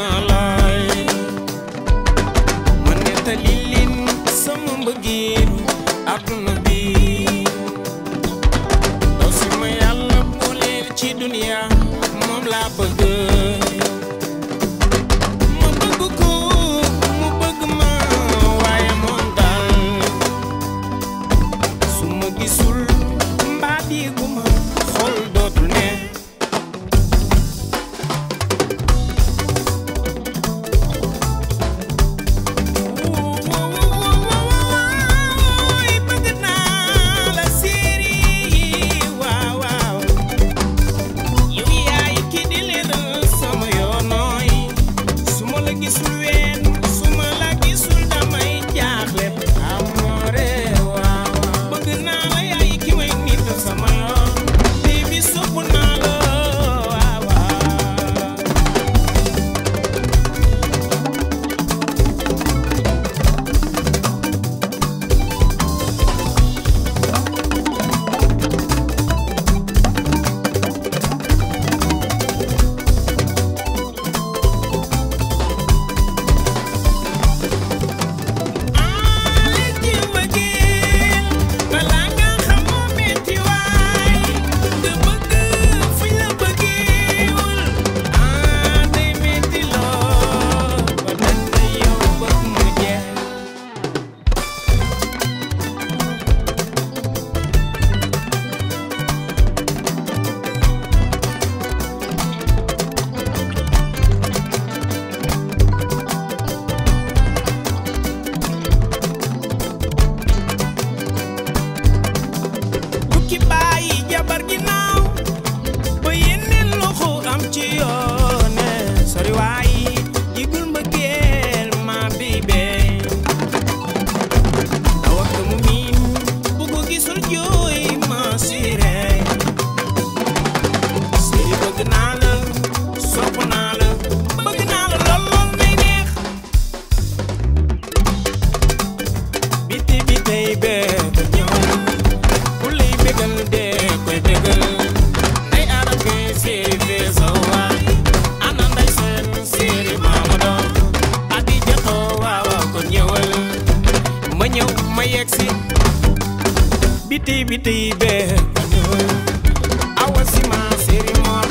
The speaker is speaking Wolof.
naa laay ma nettali leen sama mbëggeel àdduna bi ndaw si ma yàlla booleel ci duniya moom laa bëgg gisul ween su ma la gisul damay jaaxle amoore waaw bëgg naa la yaay ki may nit lay bégal ñëw ku lay bégal dee koy bégal nday aram gay séeri feesawa ana nday seen séeri maamado adi jatoo waawaaw kon ñëwal ma ñëw ma yegsi biti biti bee ko ñëwal awa sima séeri moo